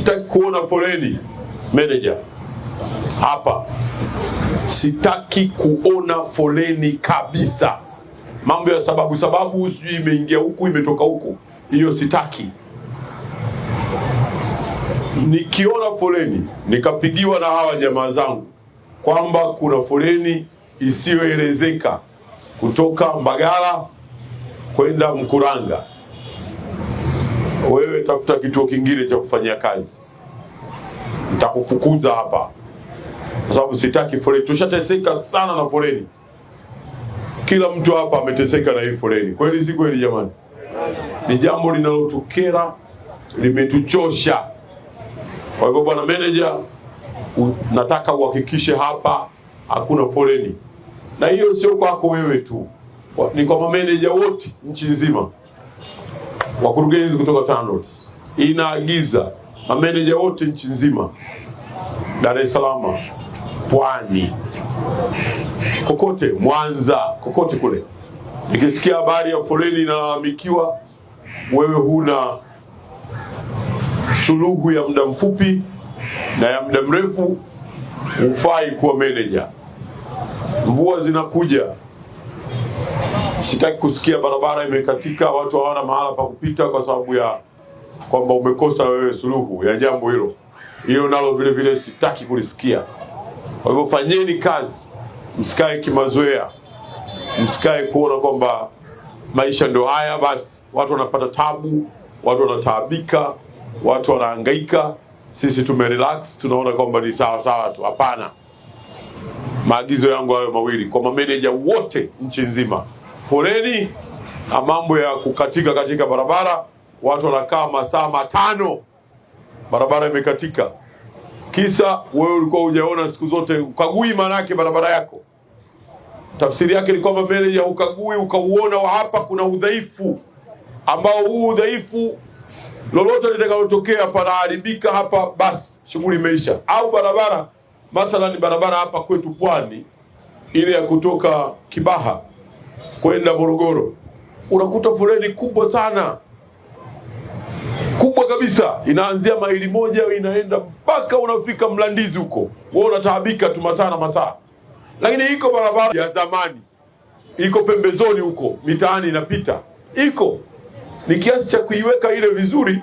Sitaki kuona foleni meneja hapa, sitaki kuona foleni kabisa. Mambo ya sababu sababu, sijui imeingia huku imetoka huku, hiyo sitaki. Nikiona foleni nikapigiwa na hawa jamaa zangu kwamba kuna foleni isiyoelezeka kutoka Mbagala kwenda Mkuranga wewe tafuta kituo kingine cha kufanyia kazi, nitakufukuza hapa kwa sababu sitaki foleni. Tushateseka sana na foleni, kila mtu hapa ameteseka na hii foleni. Kweli si kweli jamani? Ni jambo linalotukera, limetuchosha. Kwa hivyo, bwana meneja, nataka uhakikishe hapa hakuna foleni, na hiyo sio kwako wewe tu, ni kwa mameneja wote nchi nzima wakurugenzi kutoka TANROADS inaagiza mameneja wote nchi nzima, Dar es Salaam, Pwani, kokote, Mwanza, kokote kule, nikisikia habari ya foleni inalalamikiwa, wewe huna suluhu ya muda mfupi na ya muda mrefu, hufai kuwa meneja. Mvua zinakuja. Sitaki kusikia barabara imekatika, watu hawana mahala pa kupita kwa sababu ya kwamba umekosa wewe suluhu ya jambo hilo. Hiyo nalo vile vile sitaki kulisikia. Kwa hivyo fanyeni kazi, msikae kimazoea, msikae kuona kwamba maisha ndio haya basi. Watu wanapata tabu, watu wanataabika, watu wanahangaika, sisi relax, tunaona kwamba ni sawa sawa tu. Hapana. Maagizo yangu hayo mawili kwa mameneja wote nchi nzima foleni na mambo ya kukatika katika barabara, watu wanakaa masaa matano barabara imekatika. Kisa wewe ulikuwa hujaona siku zote, ukagui maanake barabara yako. Tafsiri yake ni kwamba meneja ukagui ukauona wa hapa kuna udhaifu ambao huu udhaifu lolote litakalotokea panaharibika hapa, basi shughuli imeisha. Au barabara mathalani, barabara hapa kwetu Pwani ile ya kutoka Kibaha kwenda Morogoro, unakuta foleni kubwa sana kubwa kabisa, inaanzia maili moja inaenda mpaka unafika Mlandizi huko, wewe unataabika tu masaa na masaa, lakini iko barabara ya zamani iko pembezoni huko mitaani inapita, iko ni kiasi cha kuiweka ile vizuri.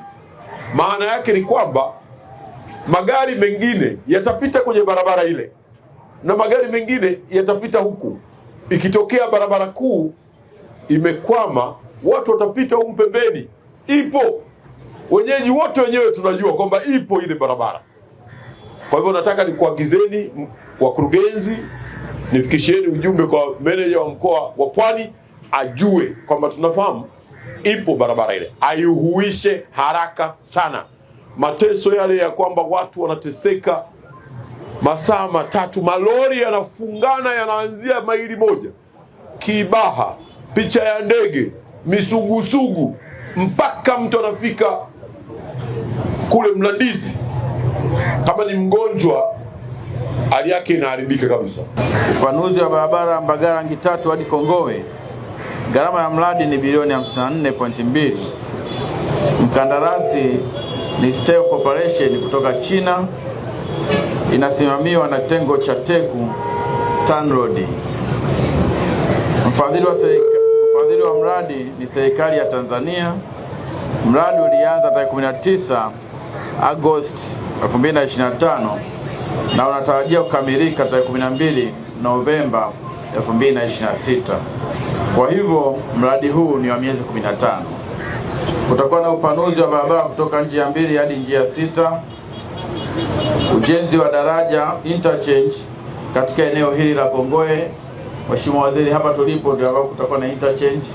Maana yake ni kwamba magari mengine yatapita kwenye barabara ile na magari mengine yatapita huku Ikitokea barabara kuu imekwama, watu watapita huko pembeni, ipo. Wenyeji wote wenyewe tunajua kwamba ipo ile barabara. Kwa hivyo nataka nikuagizeni, wakurugenzi, nifikishieni ujumbe kwa meneja wa mkoa wa Pwani ajue kwamba tunafahamu ipo barabara ile, aihuishe haraka sana. Mateso yale ya kwamba watu wanateseka masaa matatu, malori yanafungana, yanaanzia maili moja Kibaha, picha ya ndege, misugusugu, mpaka mtu anafika kule Mlandizi. Kama ni mgonjwa, hali yake inaharibika kabisa. Upanuzi wa barabara Mbagala tatu hadi Kongowe, gharama ya mradi ni bilioni 54.2. Mkandarasi ni Steel Corporation kutoka China inasimamiwa na tengo cha teku TANROADS. Mfadhili wa, mfadhili wa mradi ni serikali ya Tanzania. Mradi ulianza tarehe 19 Agosti 2025 na unatarajia kukamilika tarehe 12 Novemba 2026. Kwa hivyo mradi huu ni wa miezi 15. Kutakuwa na upanuzi wa barabara kutoka njia mbili hadi njia sita ujenzi wa daraja interchange katika eneo hili la Kongoe. Mheshimiwa Waziri, hapa tulipo ndio ambapo kutakuwa na interchange.